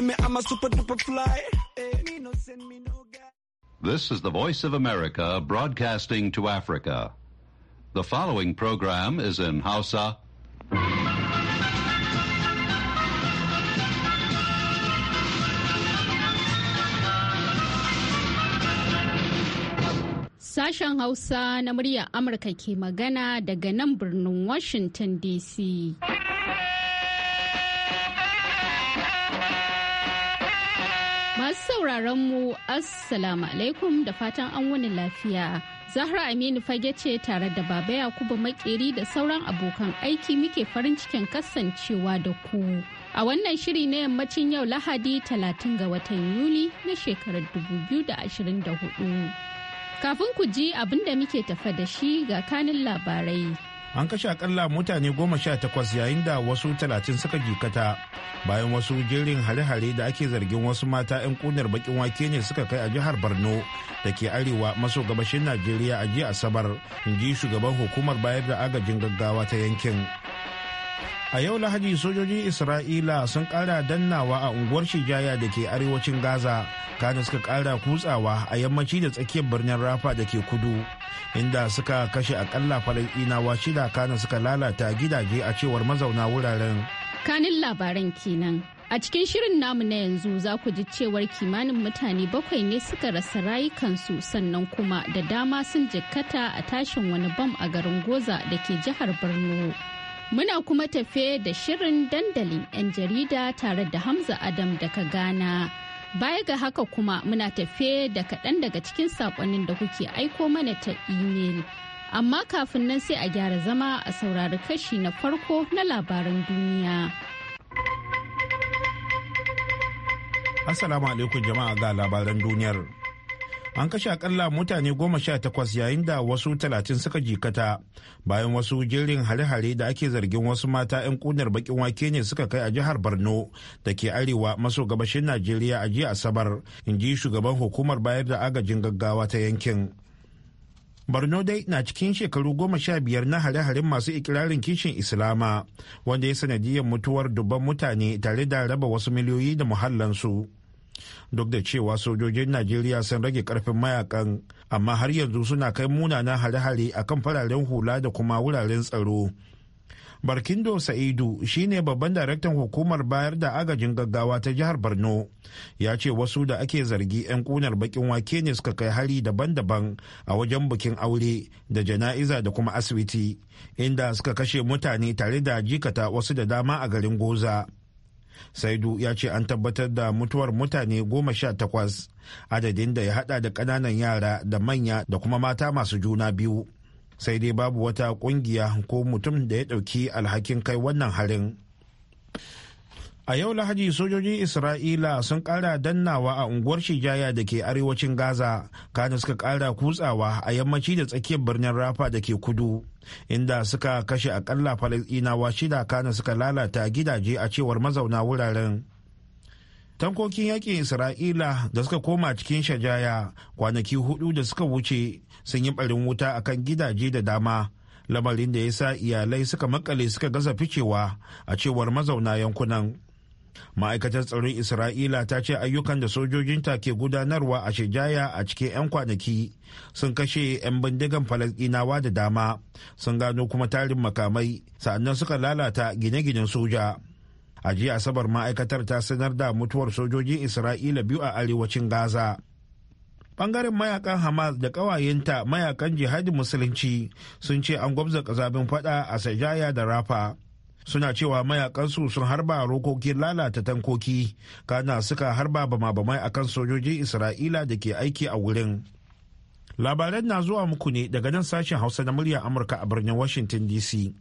me I'm a super duper fly. Eh, this is the Voice of America broadcasting to Africa. The following program is in Hausa. Sashen Hausa na muryar Amurka ke magana daga nan birnin Washington DC. sauraron mu assalamu alaikum da fatan an wani lafiya. Zahra Aminu fage ce tare da Baba Yakubu Makeri da sauran abokan aiki muke farin cikin kasancewa da ku. A wannan shiri na yammacin yau Lahadi 30 ga watan Yuli na shekarar 2024. Kafin ku ji abin da muke tafa da shi ga kanin labarai. an kashe akalla mutane goma sha takwas yayin da wasu talatin suka jikata bayan wasu jerin hare-hare da ake zargin wasu mata 'yan kunar bakin wake ne suka kai a jihar borno da ke arewa maso gabashin najeriya a jiya asabar in ji shugaban hukumar bayar da agajin gaggawa ta yankin a yau lahadi sojojin isra'ila sun kara dannawa a unguwar shijaya da ke arewacin gaza kada suka kara kutsawa a yammaci da tsakiyar birnin rafa da ke kudu inda suka kashe akalla inawa shida kana suka lalata gidaje a cewar mazauna wuraren kanin labaran kenan a cikin shirin namu na yanzu za ku ji cewar kimanin mutane bakwai ne suka rasa rayukansu sannan kuma da dama sun jikkata a tashin wani bam a garin goza da ke jihar borno Muna kuma tafe da shirin dandalin 'yan jarida tare da Hamza Adam daga Ghana. Baya ga haka kuma muna tafe da kaɗan daga cikin saƙonin da kuke aiko mana ta imel. Amma kafin nan sai a gyara zama a saurari kashi na farko na labaran duniya. Assalamu alaikum jama'a ga labaran duniyar. an kashe akalla mutane goma sha takwas yayin da wasu talatin suka jikata bayan wasu jirin hare-hare da ake zargin wasu mata 'yan kunar bakin wake ne suka kai a jihar borno da ke arewa maso gabashin najeriya a jiya asabar in ji shugaban hukumar bayar da agajin gaggawa ta yankin borno dai na cikin shekaru goma sha biyar na hare-haren masu ikirarin kishin islama wanda ya sanadiyar mutuwar dubban mutane tare da raba wasu miliyoyi da muhallansu duk da cewa sojojin najeriya sun rage karfin mayakan amma har yanzu suna kai munanan hare-hare a kan fararen hula da kuma wuraren tsaro barkindo sa'idu shine babban daraktan hukumar bayar da agajin gaggawa ta jihar borno ya ce wasu da ake zargi 'yan kunar bakin wake ne suka kai hari daban-daban a wajen bikin aure da jana'iza da kuma asibiti inda suka kashe mutane tare da jikata wasu da dama a garin goza saidu ya ce an tabbatar da mutuwar mutane goma sha takwas adadin da ya hada da ƙananan yara da manya da kuma mata masu juna biyu sai dai babu wata kungiya ko mutum da ya ɗauki alhakin kai wannan harin A yau Lahadi sojojin Isra'ila sun ƙara dannawa a unguwar Shijaya da ke arewacin Gaza, kana suka ƙara kutsawa a yammaci da tsakiyar birnin Rafa da ke kudu, inda suka kashe akalla Falasɗinawa shida kana suka lalata gidaje a cewar mazauna wuraren. Tankokin yaƙin Isra'ila da suka koma cikin Shajaya kwanaki hudu da suka wuce sun yi ɓarin wuta akan gidaje da dama. lamarin da ya sa iyalai suka makale suka gaza ficewa a cewar mazauna yankunan. ma'aikatar tsaron isra'ila ta ce ayyukan da sojojinta ke gudanarwa a shejaya a cikin 'yan kwanaki sun kashe 'yan bindigan falasdinawa da dama sun gano kuma tarin makamai sa'annan suka lalata gine-ginen soja a jiya asabar ma'aikatar ta sanar da mutuwar sojojin isra'ila biyu a arewacin gaza bangaren mayakan hamas da ƙawayenta mayakan jihadin musulunci sun ce an gwabza ƙazabin fada a sajaya da rafa suna cewa mayakansu sun harba rokokin lalata tankoki kana suka harba bama-bamai akan sojojin isra'ila da ke aiki a wurin labaran na zuwa muku ne daga nan sashen hausa na murya amurka a birnin washington dc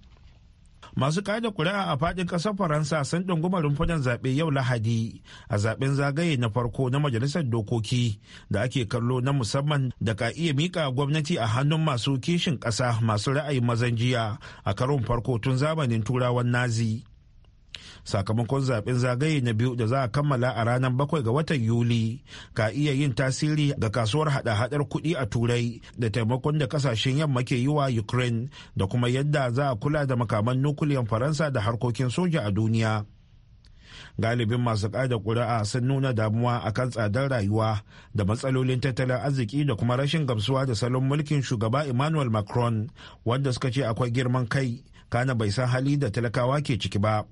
masu kada kuri'a a fadin kasar faransa sun dunguma rumfunan zaɓe yau lahadi a zaɓen zagaye na farko na majalisar dokoki da ake kallo na musamman da ka iya mika gwamnati a hannun masu kishin ƙasa masu ra'ayin mazan jiya a karon farko tun zamanin turawan nazi sakamakon zaben zagaye na biyu da za a kammala a ranar bakwai ga watan yuli ka iya yin tasiri ga kasuwar hada-hadar kuɗi a turai da taimakon da kasashen yamma ke yi wa ukraine da kuma yadda za a kula da makaman nukuliyan faransa da harkokin soja a duniya galibin masu kada ƙuri'a sun nuna damuwa akan tsadar rayuwa da matsalolin tattalin arziki da kuma rashin gamsuwa da salon mulkin shugaba emmanuel macron wanda suka ce akwai girman kai kana bai san hali da talakawa ke ciki ba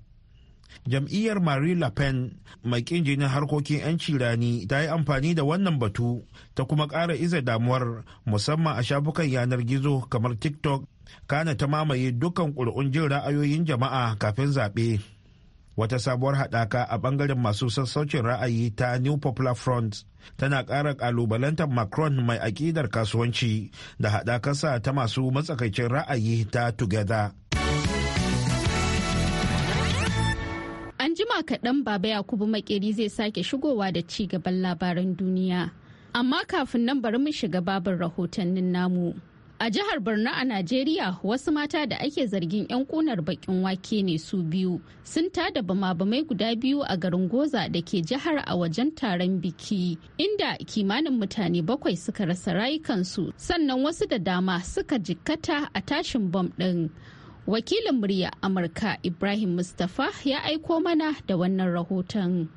jam'iyyar marie le pen mai kin jinin harkokin 'yanci rani ta yi amfani da wannan batu ta kuma ƙara iza damuwar musamman a shafukan yanar gizo kamar tiktok kana ta mamaye dukkan ƙuri'un jin ra'ayoyin jama'a kafin zaɓe wata sabuwar haɗaka a ɓangaren masu sassaucin ra'ayi ta new popular front tana ƙara ƙalubalantar macron mai aƙidar kasuwanci da haɗakarsa ta masu matsakaicin ra'ayi ta together kuma kaɗan baba yakubu makeri zai sake shigowa da ci gaban labaran duniya amma kafin nan bari mu shiga babin rahotannin namu a jihar borno a najeriya wasu mata da ake zargin 'yan kunar bakin wake ne su biyu sun tada bama-bamai guda biyu a garin goza da ke jihar a wajen taron biki inda kimanin mutane bakwai suka rasa rayukansu sannan wasu da dama suka jikkata a tashin bom ɗin wakilin murya amurka ibrahim mustapha ya aiko mana da wannan rahoton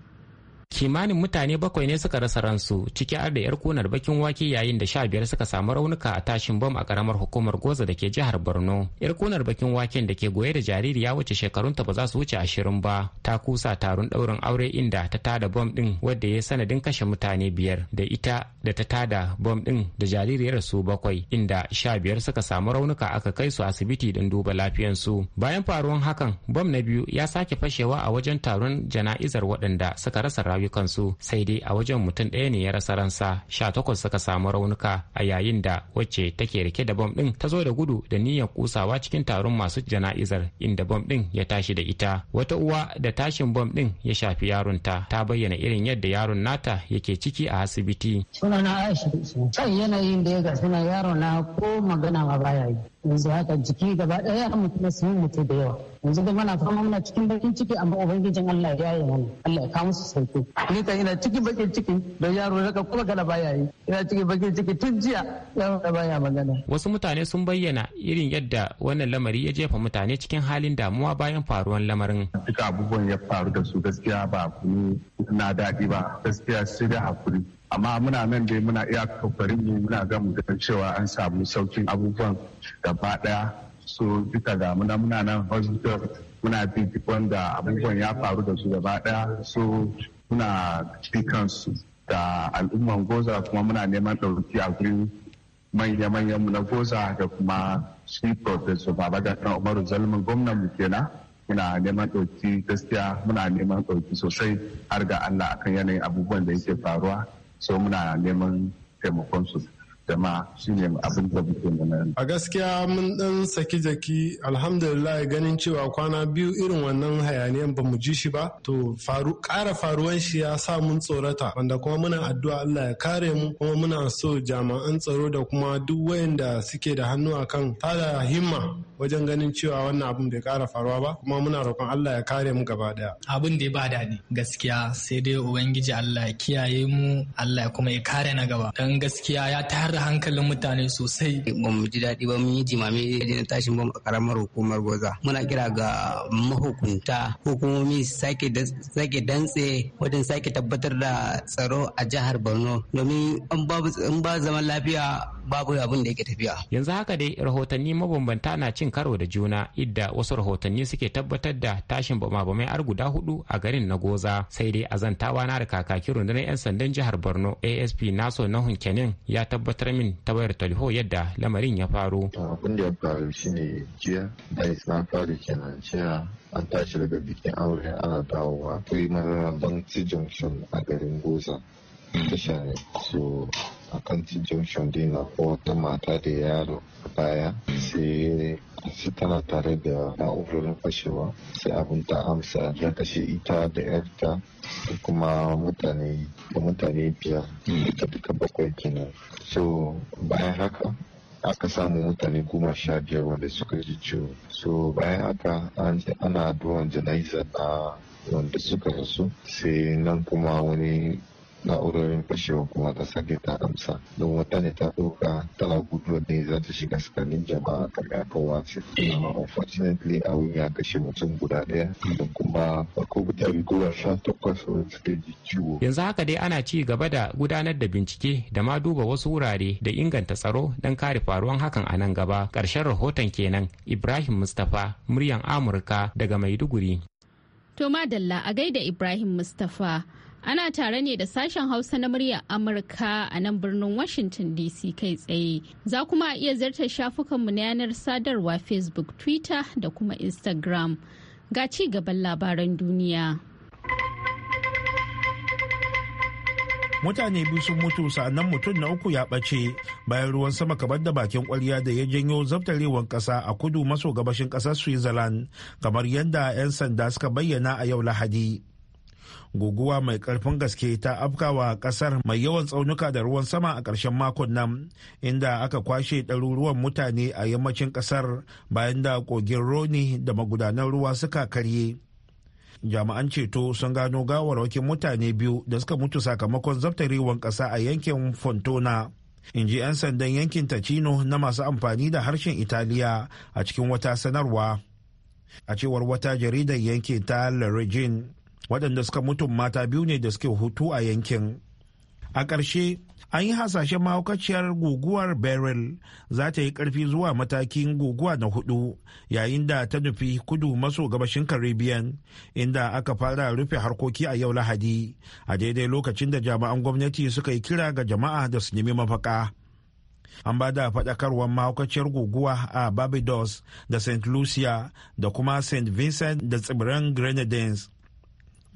kimanin mutane bakwai ne suka rasa ransu ciki har da yar kunar bakin wake yayin da sha biyar suka samu raunuka a tashin bom a karamar hukumar goza da ke jihar borno yar kunar bakin waken da ke goye da jariri ya wuce shekarunta ba za su wuce ashirin ba ta kusa taron ɗaurin aure inda ta tada bom din wadda ya sanadin kashe mutane biyar da ita da ta tada bom din da jaririyar su bakwai inda sha biyar suka samu raunuka aka kai su asibiti don duba lafiyansu bayan faruwan hakan bom na biyu ya sake fashewa a wajen taron jana'izar waɗanda suka rasa rayukansu sai dai a wajen mutum ɗaya ne ya rasa ransa sha takwas suka samu raunuka a yayin da wacce take rike da bom ɗin ta zo da gudu da niyyar kusawa cikin taron masu jana'izar inda bom ɗin ya tashi da ita wata uwa da tashin bom ɗin ya shafi yaronta ta bayyana irin yadda yaron nata yake ciki a asibiti sunana aisha kan yanayin da ya ga suna yaro na ko magana ma baya yi yanzu haka jiki gaba ɗaya mutum sun mutu da yawa yanzu da mana fama muna cikin bakin ciki amma ubangijin Allah ya yi mana Allah ya kawo su sauki ni kan ina cikin bakin ciki don yaro raka kuma gana baya yi ina cikin bakin ciki tun jiya yaro da baya magana wasu mutane sun bayyana irin yadda wannan lamari ya jefa mutane cikin halin damuwa bayan faruwan lamarin duka abubuwan ya faru da su gaskiya ba kuma na daɗi ba gaskiya sai da hakuri amma muna nan dai muna iya kokarin mu muna ga mu cewa an samu saukin abubuwan gaba daya so duka ga muna muna nan hospital muna bi da abubuwan ya faru da su gaba daya so muna bi su da al'umman goza kuma muna neman ɗauki a gurin manya-manyan mu na goza da kuma shi professor kan umaru zalman gwamnan mu kenan muna neman ɗauki gaskiya muna neman ɗauki sosai har ga allah akan yanayin abubuwan da yake faruwa so muna neman taimakon su shi shine abin da muke A gaskiya mun dan saki jaki alhamdulillah ganin cewa kwana biyu irin wannan hayaniyan ba mu ji shi ba to faru ƙara faruwan shi ya sa mun tsorata wanda kuma muna addu'a Allah ya kare mu kuma muna so jami'an tsaro da kuma duk wayanda suke da hannu a akan tada himma wajen ganin cewa wannan abin bai kara faruwa ba kuma muna roƙon Allah ya kare mu gaba daya. Abin da ya ba daɗi gaskiya sai dai ubangiji Allah ya kiyaye mu Allah ya kuma ya kare na gaba dan gaskiya ya tayar da hankalin mutane sosai. Ba mu ji daɗi ba mun yi jimami na tashin bom a karamar hukumar Goza. Muna kira ga mahukunta hukumomi sake dantse wajen sake tabbatar da tsaro a jihar Borno domin in ba zaman lafiya babu abin da yake tafiya. Yanzu haka dai rahotanni mabambanta na cin karo da juna idda wasu rahotanni suke tabbatar da tashin bamabamai ar guda hudu a garin na Goza sai dai a zantawa na da kakakin rundunar 'yan sandan jihar Borno ASP Naso Nahun Kenin ya tabbatar gabatar min ta wayar talho yadda lamarin ya faru. abin da ya faru shine jiya da islam faru kenan cewa an tashi daga bikin aure ana dawowa akwai mara banki junction a garin goza tasha ne so a kan junction dai ko wata mata da yaro baya sai tana tare da na'urorin fashewa sai abin ta amsa ya kashe ita da yarta kuma mutane da mutane biyar ita duka bakwai kenan so bayan haka aka samu mutane goma sha biyar wanda suka ji ciwo so bayan haka ana duwan jana'iza na ah, wanda suka rasu sai nan kuma wani na'urorin fashewa kuma ta da ta amsa don wata ne ta ɗauka tana gudu ne za ta shiga tsakanin jama'a ta gakawa ce amma unfortunately a wurin ya kashe mutum guda ɗaya da kuma akwai mutane guda sha takwas wani suka ji ciwo. yanzu haka dai ana ci gaba da gudanar da bincike da ma duba wasu wurare da inganta tsaro don kare faruwan hakan a nan gaba karshen rahoton kenan ibrahim mustapha muryan amurka daga maiduguri. to madalla a gaida ibrahim mustapha Ana tare ne da sashen Hausa na muryar Amurka a nan birnin Washington DC kai tsaye. Za kuma a iya ziyartar shafukanmu na yanar sadarwa Facebook, Twitter da kuma Instagram. Ga ci gaban labaran duniya. Mutane biyu sun mutu sa'annan mutum na uku ya ɓace bayan ruwan sama kamar da bakin kwarya da ya janyo zabtarewar ƙasa a kudu maso gabashin ƙasar Switzerland kamar yadda 'yan sanda suka bayyana a yau Lahadi. guguwa mai karfin gaske ta afkawa kasar mai yawan tsaunuka da ruwan sama a ƙarshen makon nan inda aka kwashe ɗaruruwan mutane a yammacin ƙasar bayan da kogin roni da magudanan ruwa suka karye jami'an ceto sun gano gawarwakin mutane biyu da suka mutu sakamakon zaftarewan ƙasa a yankin fontona in ji 'yan sandan yankin tacino na masu amfani da harshen italiya a cikin wata sanarwa a cewar wata jaridar yankin ta la waɗanda suka mutum mata biyu ne da suke hutu a yankin a ƙarshe an yi hasashen mahaukaciyar guguwar beryl za ta yi ƙarfi zuwa matakin guguwa na hudu yayin da ta nufi kudu maso gabashin caribbean inda aka fara rufe harkoki a yau lahadi a daidai lokacin da jami'an gwamnati suka yi kira ga jama'a da su nemi mafaka an ba da faɗakarwar mahaukaciyar guguwa a barbados da st lucia da kuma st vincent da tsibiran grenadines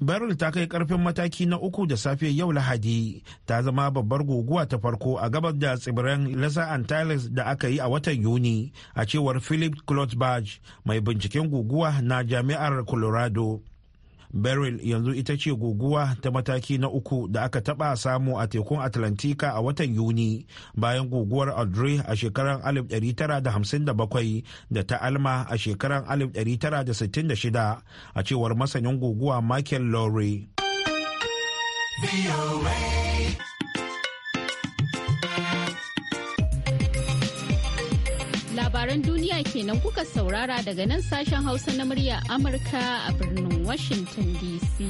Beryl ta kai karfin mataki na uku da safe yau Lahadi ta zama babbar guguwa ta farko a gabas da tsibiran Lesser Antilles da aka yi a watan Yuni a cewar Philip Klotzbach mai binciken guguwa na Jami'ar Colorado. beryl yanzu ita ce guguwa ta mataki na uku da aka taɓa samu a tekun atlantika a watan yuni bayan guguwar audrey a shekarar 1957 da ta alma a shekarar 1966 a cewar masanin guguwa michael lowry labaran duniya kenan kuka saurara daga nan sashen Hausa na murya Amurka a birnin Washington DC.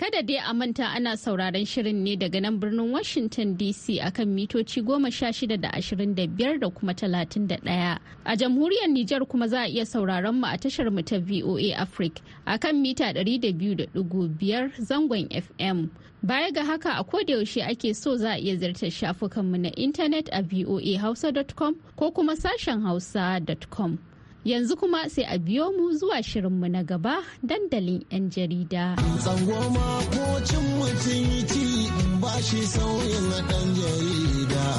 Kada dai a manta ana sauraron shirin ne daga nan birnin Washington DC akan mitoci goma sha shida da ashirin da biyar da kuma talatin da ɗaya. A jamhuriyar Nijar kuma za a iya sauraron mu a tashar mu ta VOA Africa akan mita ɗari da biyu da biyar zangon FM. Baya ga haka a kodayaushe ake so za a iya ziyartar shafukanmu na intanet a voahausa.com ko kuma sashen hausa.com. Yanzu kuma sai a biyo mu zuwa shirinmu na gaba dandalin 'yan jarida. ko cin mutum yi ba shi sauyin ɗan jarida.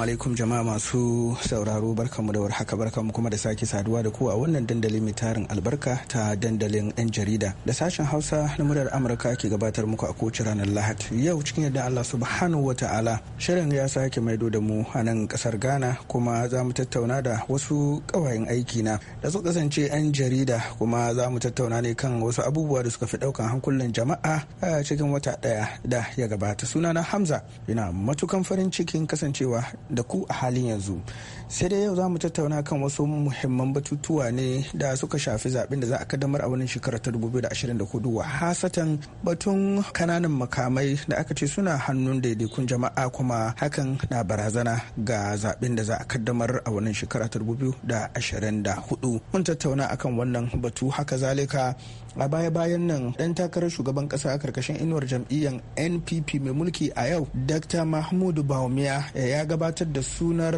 alaikum jama'a masu sauraro barkamu da warhaka barkamu kuma da sake saduwa da ku a wannan dandalin mai albarka ta dandalin 'yan jarida da sashen Hausa na muryar Amurka ke gabatar muku a kowace ranar lahat Yau cikin yadda Allah subhanahu wa ta'ala shirin ya sake maido da mu a nan kasar Ghana kuma za mu tattauna da wasu ƙawayen aiki na da su kasance 'yan jarida kuma za mu tattauna ne kan wasu abubuwa da suka fi ɗaukan hankulan jama'a a cikin wata ɗaya da ya gabata. Sunana Hamza yana matukan farin cikin kasancewa da ku a halin yanzu sai dai yau za mu tattauna kan wasu muhimman batutuwa ne da suka shafi zaɓen da za a kaddamar a wannan shekarar ta 2024 wa hasatan batun kananan makamai da aka ce suna hannun daidaikun jama'a kuma hakan na barazana ga zaɓen da za a kaddamar a wannan shekara ta 2024 mun tattauna akan wannan batu haka zalika a baya-bayan nan ɗan takarar shugaban kasa a karkashin inuwar jam'iyyar npp mai mulki a yau dr mahmudu baumia eh, ya gabatar da sunar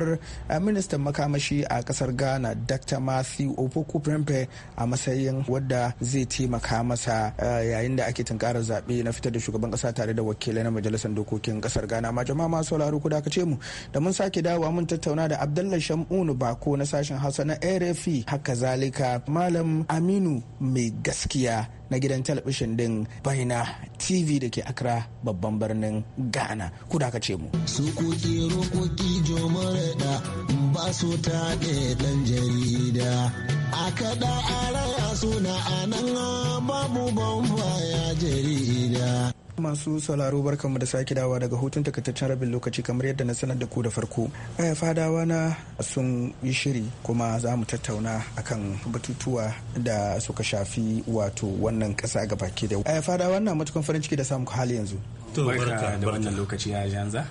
Amin. ministan makamashi a kasar ghana dr matthew opoku prempe a matsayin wadda zai taimaka masa eh, yayin da ake tunkarar zaɓe na fitar da shugaban ƙasa tare da wakilai na majalisar dokokin kasar ghana ma jama'a ma sauraro ku ce mu da mun sake dawowa mun tattauna da abdallah shamunu bako na sashen hausa na rfi haka zalika malam aminu mai gaskiya na gidan talabishin din baina tv da ke akra babban birnin ghana ku da ce mu su kuki rokoki jomara ba su ta ɗan jarida a kada a raya suna a nan babu ban jarida masu sauraro barkanmu da sake dawa daga hutun takaitaccen rabin lokaci kamar yadda na sanar da ku da farko eh, fadawa na sun yi shiri kuma za mu tattauna akan batutuwa da suka shafi wato wannan kasa ga baki da eh, fada wannan matukan farin ciki da samun hali yanzu to da wannan lokaci ya janza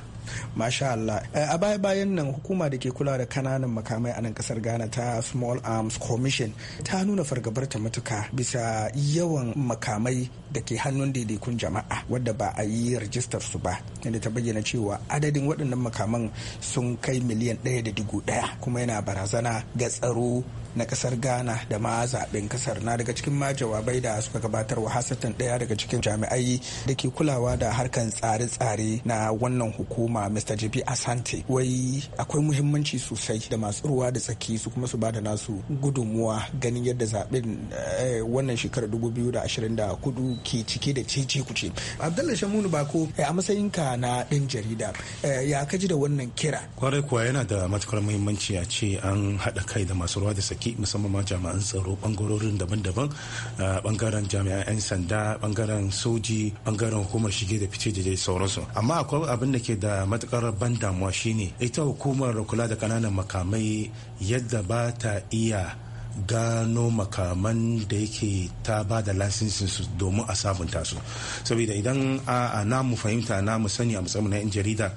Masha Allah. Eh, a baya bayan nan hukuma da ke kula da kananan makamai a nan kasar Ghana ta Small Arms Commission ta nuna fargabarta matuka bisa yawan makamai da ke hannun daidaikun jama'a wadda ba a yi rajistar su ba inda ta bayyana cewa adadin waɗannan makaman sun kai miliyan ɗaya da dubu ɗaya kuma yana barazana ga tsaro na kasar ghana da ma zaben kasar na daga cikin ma jawabai da suka gabatar wa hasatan ɗaya daga cikin jami'ai da ke kulawa da harkan tsare-tsare na wannan hukuma mr jp asante wai akwai muhimmanci sosai da masu ruwa da tsaki su kuma su ba da nasu gudunmuwa ganin yadda zaben eh, wannan shekarar 2024 ke cike da cece kuce abdullahi shamunu bako eh, a matsayin ka na ɗan jarida eh, ya kaji da wannan kira kwarai kuwa yana da matukar muhimmanci a ce an haɗa kai da masu ruwa da saki musamman ma jami'an tsaro bangarorin daban-daban bangaren eh, jami'an 'yan sanda bangaren soji bangaren hukumar shige da fice da dai sauransu amma akwai abin da ke da matukar ban damuwa shine ita hukumar kula da kananan makamai yadda ba ta iya gano makaman da yake ta ba da lasisin su domin a sabunta su saboda idan a mu fahimta mu sani a musamman 'yan jarida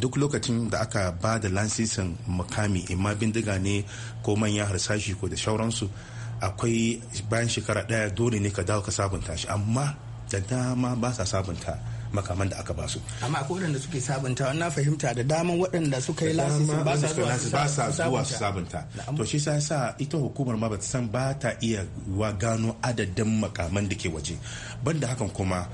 duk lokacin da aka ba da lasisin makami imma bindiga ne ko manyan harsashi ko da shauransu akwai bayan shekara daya dole ne ka dawo ka sabunta shi amma da dama ba sa sabunta makaman da aka ba su amma akwai waɗanda suke sabunta na fahimta da daman waɗanda suka yi lasisi ba sa zuwa su sabunta to shi sa sa ita hukumar ma batasan bata san ba ta iya wa gano adadin makaman da ke waje banda hakan kuma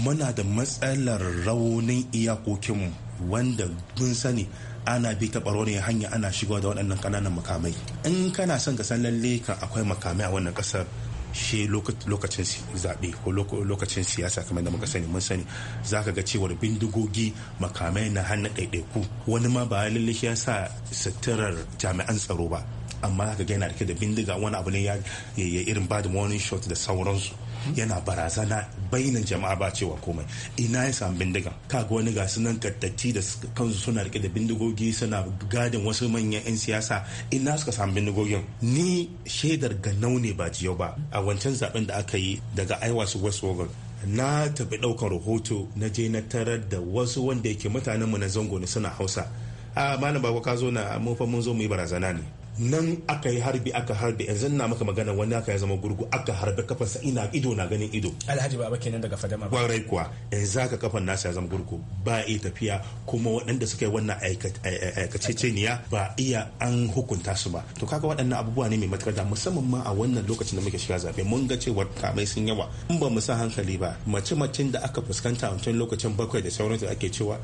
muna da matsalar raunin iyakokin wanda mun sani ana bi ta ne hanya ana shigo da waɗannan ƙananan makamai in kana son ka san lalle kan akwai makamai a wannan ƙasar shi lokacin zaɓe ko lokacin siyasa kamar da muka sani mun sani za ka ga cewar bindigogi makamai na hannu ɗaiɗaiku wani ma ba lallai ya sa suturar jami'an tsaro ba amma za ka ga yana da bindiga wani abu ne ya irin ba da morning shot da sauransu yana barazana bainin jama'a ba cewa komai ina ya samu bindiga kaga wani ga sunan kattatti da kansu suna rike da bindigogi suna gadin wasu manyan 'yan siyasa ina suka samu bindigogin ni shaidar ganau ne ba jiyau ba a wancan zaben da aka yi daga aiwa su wogan na tafi ɗaukar rahoto na je na tarar da wasu wanda yake mutanenmu na zango ne suna hausa a malam ba ka zo na mun fa mun zo mu yi barazana ne nan aka yi harbi aka harbi yanzu na maka magana wani aka ya zama gurgu aka harbi kafarsa ina ido na ganin ido alhaji baba kenan daga fadama kwarai kuwa yanzu aka kafan nasa ya zama gurgu ba iya tafiya kuma waɗanda suka yi wannan aikaceceniya ba iya an hukunta su ba to kaga waɗannan abubuwa ne mai matukar da musamman ma a wannan lokacin da muke shiga zaɓe mun ga cewar kamai sun yawa in ba mu sa hankali ba mace-macen da aka fuskanta a wancan lokacin bakwai da sauran da ake cewa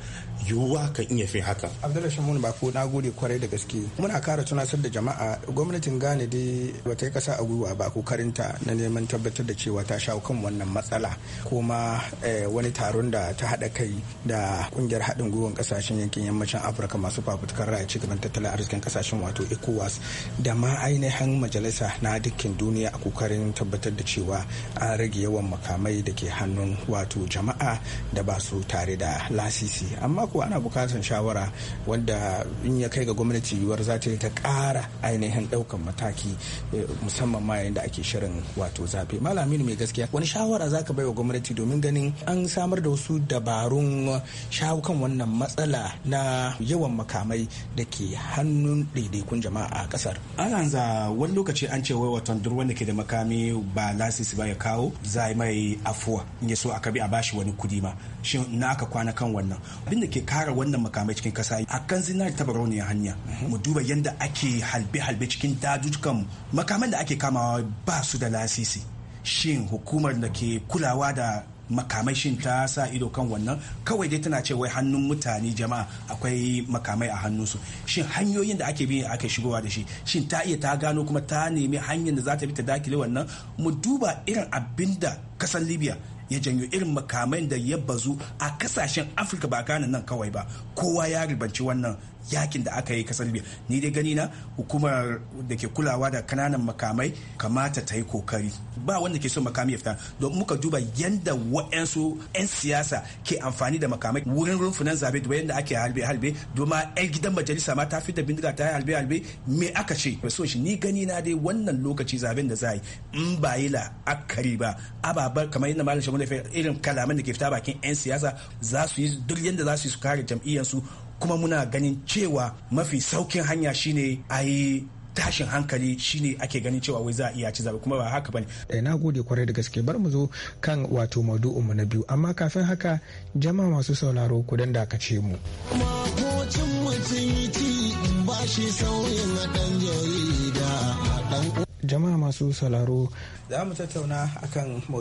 yiwuwa kan iya fi haka abdullahi shamun ba ko na gode kwarai da gaske muna kara tunasar da jama'a gwamnatin Ghana dai bata yi kasa a gwiwa ba kokarinta na neman tabbatar da cewa ta shawo kan wannan matsala kuma eh, wani taron da ta haɗa kai da kungiyar haɗin gwiwar kasashen yankin yammacin Afirka masu fafutukar ra'ayi ci gaban tattalin arzikin kasashen wato ECOWAS da ma ainihin majalisa na dukkan duniya a kokarin tabbatar da cewa an rage yawan makamai da ke hannun wato jama'a da ba su tare da lasisi amma kuwa ana bukatar shawara wanda in ya kai ga gwamnati yiwuwar za ta ta ƙara ainihin ɗaukan mataki eh, musamman ma yayin da ake shirin wato zaɓe malami mai gaskiya wani shawara za ka baiwa gwamnati domin ganin an samar da wasu dabarun shawo kan wannan matsala na yawan makamai da ke hannun daidaikun jama'a a ƙasar za wani lokaci an ce wai watan duk wanda ke da makami ba lasisi ba ya kawo za mai afuwa in ya so a kabi a bashi wani kudi ma shin na aka kwana kan wannan abinda ke kara wannan makamai cikin kasa a kan zinari ta barauniyar hanya mu duba yadda ake halbe-halbe cikin dajujukan Makamai da ake kamawa ba su da lasisi shin hukumar da ke kulawa da makamai shin ta sa ido kan wannan kawai dai tana ce wai hannun mutane jama'a akwai makamai a hannunsu shin hanyoyin da ake bi ake shigowa da shi shin ta iya ta gano kuma ta nemi hanyar da za ta bi ta dakile wannan mu duba irin abinda da kasar libya ya janyo irin makamai da ya bazu a kasashen afirka ba ganin nan kawai ba kowa ya ribanci wannan yakin da aka yi kasar libya ni dai gani na hukumar da ke kulawa da kananan makamai kamata ta yi kokari ba wanda ke so makami ya fita don muka duba yadda wa'ansu 'yan siyasa ke amfani da makamai wurin rumfunan zabe da yadda ake halbe halbe doma 'yan gidan majalisa ma ta da bindiga ta yi halbe halbe me aka ce so shi ni gani na dai wannan lokaci zaben da za yi in ba yi la'akari ba ababar kamar yadda malam shamu irin kalaman da ke fita bakin 'yan siyasa za su yi duk yadda za su yi su kare jam'iyyarsu kuma muna ganin cewa mafi saukin hanya shine a yi tashin hankali shine ake ganin cewa wai za a iya ci zabe kuma ba haka bane eh na gode kwarai da gaske bar mu zo kan wato maudu'in mu na biyu amma kafin haka jama'a masu sauraro ku dan dakace mu makocin mutum yi ba shi sauyin ɗan jarida jama'a masu sauraro za mu tattauna akan mu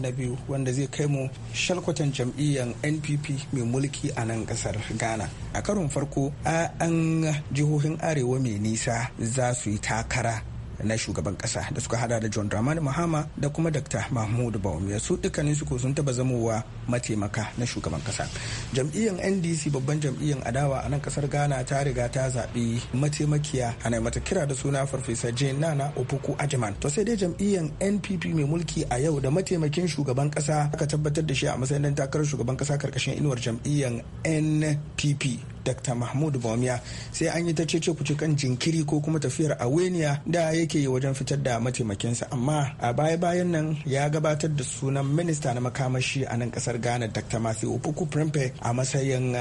na biyu wanda zai kai mu shalkwatan jam'iyyar npp mai mulki a nan kasar ghana a karon farko a an jihohin arewa mai nisa za su yi takara na shugaban kasa da suka hada da john dramani mahama da kuma dr mahmud bawumia su dukkanin su sun taba zamowa mataimaka na shugaban kasa jam'iyyar ndc babban jam'iyyar adawa a nan kasar ghana ta riga ta zaɓi mataimakiya ana mata kira da suna farfesa jane nana opoku ajiman to sai dai jam'iyyar npp mai mulki a yau da mataimakin shugaban kasa aka tabbatar da shi a matsayin takarar shugaban kasa karkashin inuwar jam'iyyar npp dr mahmud bomiya sai an yi ta cece kuce kan jinkiri ko kuma tafiyar aweniya da yake yi wajen fitar da mataimakinsa amma a baya bayan nan ya gabatar da sunan minista na makamashi a nan kasar ghana dr matthew upuku prempe a matsayin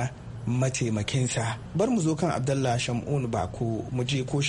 mataimakinsa bar mu zo kan abdallah shamun bako mu je ko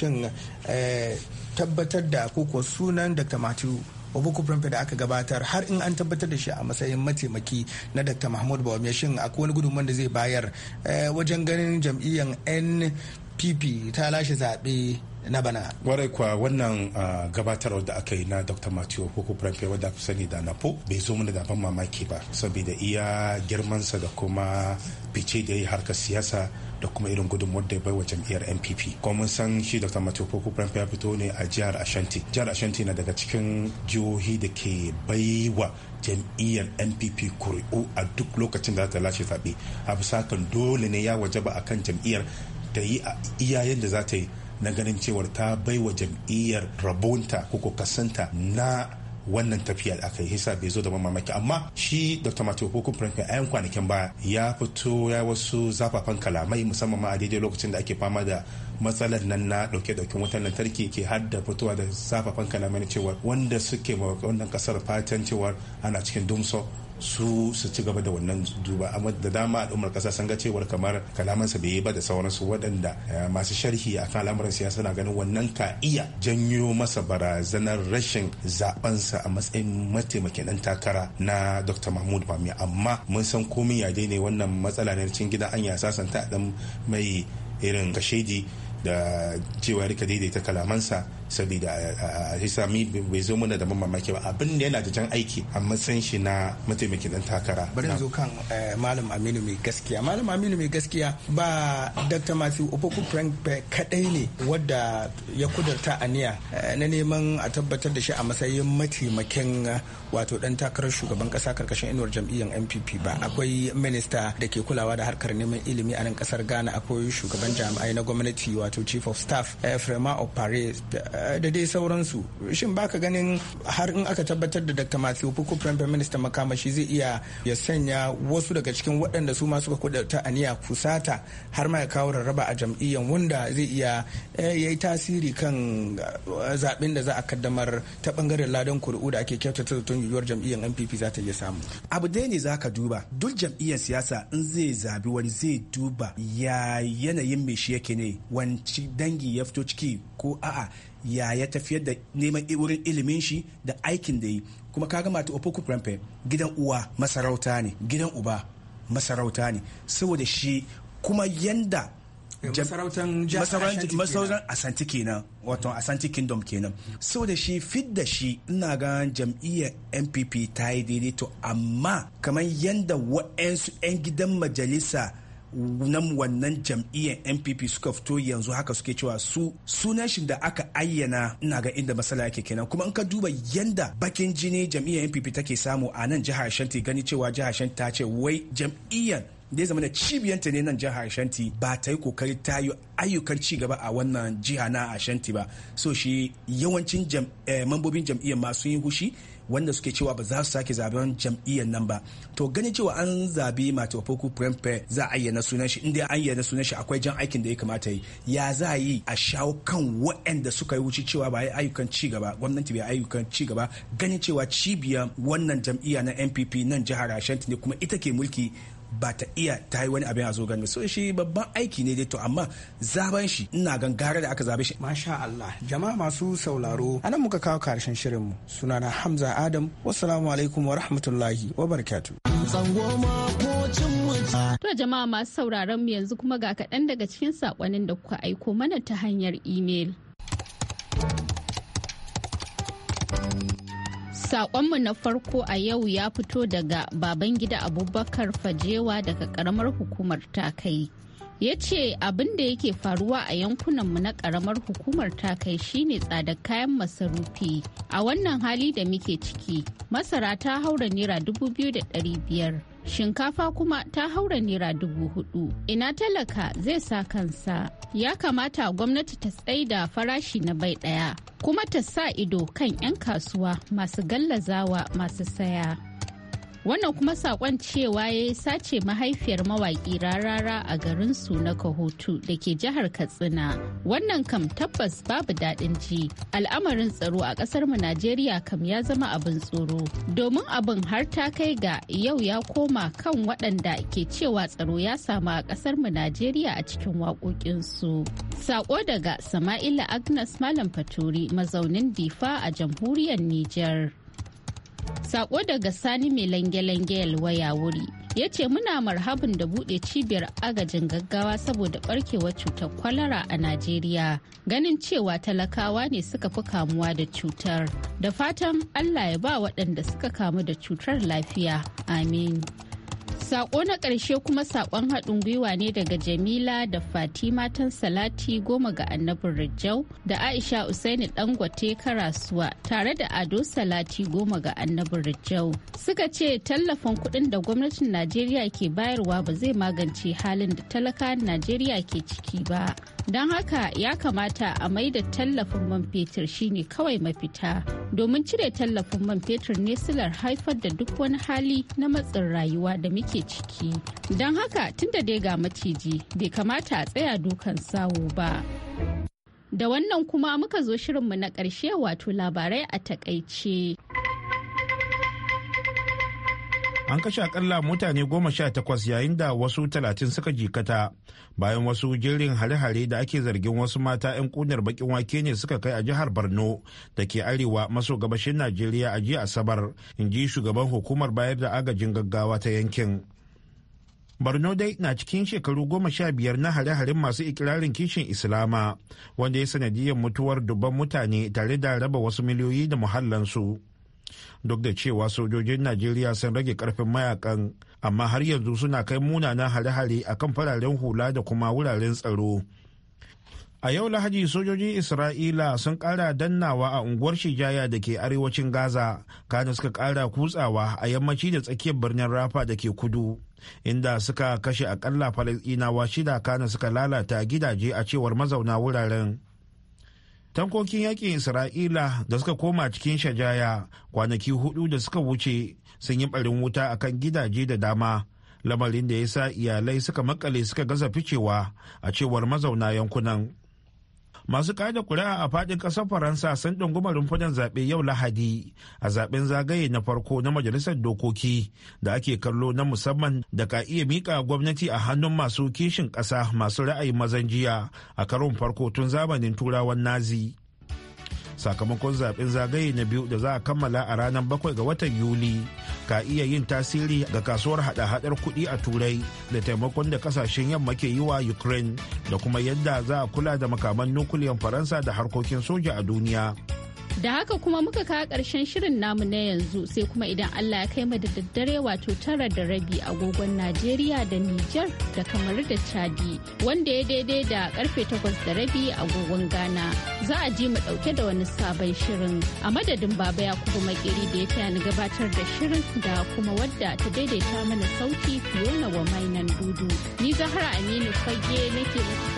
eh, tabbatar da koko sunan dr matthew obuku prempe da aka gabatar har in an tabbatar da shi a matsayin mataimaki na dr mahmud bawumia shin akwai wani gudunman da zai bayar eh, wajen ganin jam'iyyar npp ta lashe zaɓe na bana warai kwa wannan gabatar da aka yi na dr matthew koko prampe wadda aka sani da napo bai zo mana da ban mamaki ba saboda iya girmansa da kuma fice da ya yi harkar siyasa da kuma irin gudunmuwar da ya baiwa jam'iyyar npp kuma san shi dr matthew koko prampe ya fito ne a jihar ashanti jihar ashanti na daga cikin jihohi da ke baiwa jam'iyyar npp kuri'u a duk lokacin da za ta lashe zaɓe abu bisa dole ne ya wajaba akan jam'iyyar ta yi iya yadda za ta yi na ganin cewar ta bai wa jam'iyyar rabonta ko kasanta na wannan tafiya da aka yi hisa bai zo da mamaki amma shi dr matthew ko franklin a yan kwanakin baya ya fito ya wasu zafafan kalamai musamman ma a daidai lokacin da ake fama da matsalar nan na dauke dauken wutan lantarki ke hadda fitowa da zafafan kalamai na cewar wanda suke wannan kasar fatan cewar ana cikin dumso su su ci gaba da wannan duba amma da dama al'ummar kasa sun ga cewar kamar kalamansa bai yi ba da sauransu waɗanda eh, masu sharhi akan al'amuran siyasa na ganin wannan ka iya janyo masa barazanar rashin zabansa a matsayin mataimakin dan takara na dr mahmud bami amma mun san komin ya ne wannan matsala na cikin gida an ya sasanta dan mai irin kashedi da cewa rika daidaita kalamansa saboda a eh, eh, sami bai zo mana da mamaki ba abin da yana da jan aiki a matsayin shi na mataimakin dan takara bari zo kan eh, malam aminu mai gaskiya malam aminu mai gaskiya ba dr matthew opoku frank kadai ne wadda ya kudurta aniya na neman a tabbatar da shi a matsayin mataimakin wato dan takarar shugaban kasa karkashin inuwar jam'iyyar npp ba akwai minista da ke kulawa da harkar neman ilimi a nan kasar ghana akwai shugaban jami'ai na gwamnati wato chief of staff efrema opare Eh, da dai sauransu shin baka ganin har in aka tabbatar da dr matthew puku prime minister makamashi zai iya ya sanya wasu daga cikin waɗanda su ma suka kudurta aniya kusata har ma ya kawo rarraba a jam'iyyan wanda zai iya eh, ya yi tasiri kan eh, zaɓen da za a kaddamar ta ɓangaren ladan kuri'u da ake kyautata zaton yiwuwar jam'iyyar npp za ta iya samu abu dai ne za ka duba duk jam'iyyar siyasa in zai zabi wani zai duba ya yanayin me shi yake ne wanci dangi ya fito ciki ko a'a ya ya tafiyar da neman wurin ilimin shi da aikin da yi kuma ka gama ta opoku krempe gidan uwa masarauta ne gidan uba masarauta ne saboda shi kuma yanda eh, masarautar asanti kenan wato asanti kingdom kenan saboda shi fit da shi ina ga jam'iyyar npp ta yi daidai to amma kamar yanda wa'ansu 'yan gidan majalisa nan wannan jam'iyyar npp suka fito yanzu haka suke cewa su sunan da aka ayyana ina ga inda masala yake kenan kuma in ka duba yanda bakin jini jam'iyyar npp take samu a nan jihar shanti gani cewa jihar shanti ta ce wai jam'iyyar da ya zama da cibiyanta ne nan jihar shanti ba ta yi kokari ta yi ayyukan ci gaba a wannan jiha na Ashanti ba so shi yawancin eh, mambobin jam'iyyar ma sun hushi wanda suke cewa ba za su sake zaben jam'iyyar nan ba to ganin cewa an zabi mata wafoku prempe za a ayyana sunan shi inda an ayyana sunan shi akwai jan aikin da ya kamata yi ya za yi a shawo kan waɗanda suka yi wuce cewa ba ayyukan ci gaba gwamnati bai ayyukan ci gaba ganin cewa cibiyar wannan jam'iyya na npp nan jihar ashanti ne kuma ita ke mulki ba ta iya ta yi wani abin a zo gani so shi babban aiki ne dai to amma zaben shi ina gangara da aka zabe shi masha Allah jama'a masu sauraro anan muka kawo karshen shirin mu sunana Hamza Adam wassalamu alaikum wa rahmatullahi wa barakatuh To jama'a masu sauraron mu yanzu kuma ga kaɗan daga cikin saƙonin da kuka aiko mana ta hanyar imel. Sakonmu na farko a yau ya fito daga Babangida Abubakar Fajewa daga ƙaramar hukumar ta kai. ya ce abin da yake faruwa a yankunanmu na karamar hukumar ta kai shine tsadar kayan masarufi a wannan hali da muke ciki masara ta haura naira biyar shinkafa kuma ta haura naira dubu hudu ina talaka zai sa kansa ya kamata gwamnati ta tsaida farashi na bai daya kuma ta sa ido kan 'yan kasuwa masu gallazawa masu saya. wannan kuma sakon cewa ya sace mahaifiyar mawaƙi rarara a garin su na kahotu da ke jihar katsina wannan kam tabbas babu daɗin ji al'amarin tsaro a ƙasar mu najeriya kam ya zama abin tsoro domin abin har ta kai ga yau ya koma kan waɗanda ke cewa tsaro ya samu a ƙasar mu najeriya a cikin waƙoƙinsu sako daga sama'ila agnes malam faturi mazaunin difa a jamhuriyar niger Sako daga Sani mai lange-lange waya wuri ya ce muna marhabin da buɗe cibiyar agajin gaggawa saboda ɓarkewar cutar kwalara a Najeriya ganin cewa talakawa ne suka fi kamuwa da cutar. Da fatan Allah ya ba waɗanda suka kamu da cutar lafiya. Amin. Sako na ƙarshe kuma sakon haɗin gwiwa ne daga Jamila da Fatima tan Salati goma ga annabin Rajau da Aisha Usaini Dangote Karasuwa tare da Ado Salati goma ga annabin Rajau. Suka ce tallafin kuɗin da gwamnatin Najeriya ke bayarwa ba zai magance halin da talakan Najeriya ke ciki ba. Don haka ya kamata a mai da tallafin man fetur shine kawai mafita domin cire tallafin man fetur ne silar haifar da duk wani hali na matsin rayuwa da muke ciki don haka tun da dai ga maciji bai kamata a tsaya dukan sawo ba da wannan kuma muka zo shirinmu na ƙarshe wato labarai a takaice an kashe akalla mutane goma sha takwas yayin da wasu talatin suka jikata bayan wasu jirin hare-hare da ake zargin wasu mata 'yan kunar bakin wake ne suka kai a jihar borno da ke arewa maso gabashin najeriya a jiya asabar in ji shugaban hukumar bayar da agajin gaggawa ta yankin Borno dai na cikin shekaru goma sha biyar na hare-haren masu ikirarin kishin Islama, wanda ya sanadiyar mutuwar dubban mutane tare da raba wasu miliyoyi da muhallansu. duk da cewa sojojin najeriya sun rage karfin mayakan amma har yanzu suna kai munanan hare-hare a kan fararen hula da kuma wuraren tsaro a yau lahadi sojojin isra'ila sun kara dannawa a unguwar shijaya da ke arewacin gaza kana suka kara kutsawa a yammaci da tsakiyar birnin rafa da ke kudu inda suka kashe akalla falasɗinawa shida kana suka lalata gidaje a cewar mazauna wuraren tankokin yakin isra'ila da suka koma cikin shajaya kwanaki hudu da suka wuce sun yi barin wuta akan gidaje da dama lamarin da ya sa iyalai suka makale suka gaza ficewa a cewar mazauna yankunan masu kada kuri'a a fadin kasar faransa sun ɗunguma rumfunan zaɓe yau lahadi a zaɓen zagaye na farko na majalisar dokoki da ake kallo na musamman da ka iya miƙa gwamnati a hannun masu kishin ƙasa masu ra'ayin mazan jiya a karon farko tun zamanin turawan nazi sakamakon zaben zagaye na biyu da za a kammala a ranar bakwai ga watan yuli ka iya yin tasiri ga kasuwar hada-hadar kudi a turai da taimakon da kasashen yamma ke yi wa ukraine da kuma yadda za a kula da makaman nukuliyan faransa da harkokin soja a duniya Da haka kuma muka kawo ƙarshen shirin namu na yanzu sai kuma idan Allah ya kai mu da daddare wato tara da rabi agogon Najeriya da Nijar da kamar da Chadi wanda ya daidai da karfe takwas da rabi agogon Ghana. Za a ji mu ɗauke da wani sabon shirin a madadin Baba Yakubu Makeri da ya taya ni gabatar da shirin da kuma wadda ta daidaita mana sauti Fiona wa mainan dudu. Ni Zahra Aminu Fage nake muku